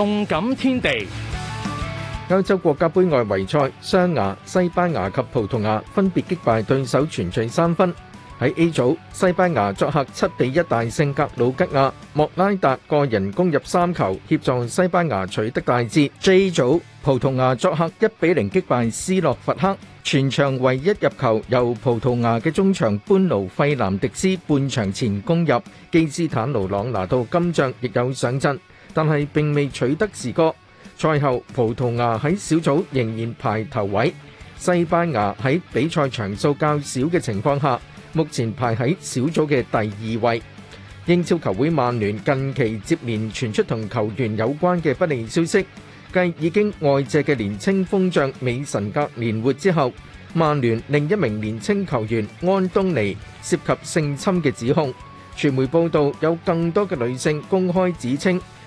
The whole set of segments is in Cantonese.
動感天地，歐洲國家盃外圍賽，雙牙、西班牙及葡萄牙分別擊敗對手，全取三分。喺 A 組，西班牙作客七比一大勝格魯吉亞，莫拉達個人攻入三球，協助西班牙取得大捷。J 組，葡萄牙作客一比零擊敗斯洛伐克，全場唯一入球由葡萄牙嘅中場班奴費南迪斯半場前攻入，基斯坦奴朗拿度今仗亦有上陣。但係並未取得勝果。賽後，葡萄牙喺小組仍然排頭位。西班牙喺比賽場數較少嘅情況下，目前排喺小組嘅第二位。英超球會曼聯近期接連傳出同球員有關嘅不利消息，繼已經外借嘅年青鋒將美神格連活之後，曼聯另一名年青球員安東尼涉及性侵嘅指控。傳媒報道有更多嘅女性公開指稱。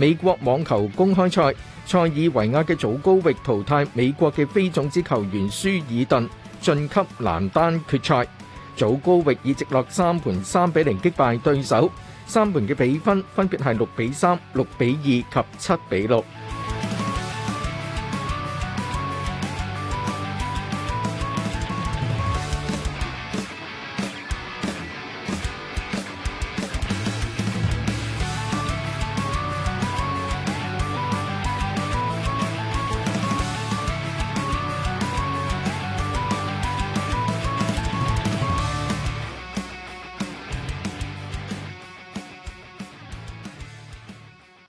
美國網球公開賽，塞爾維亞嘅祖高域淘汰美國嘅非種子球員舒爾頓，晉級男單決賽。祖高域以直落三盤三比零擊敗對手，三盤嘅比分分別係六比三、六比二及七比六。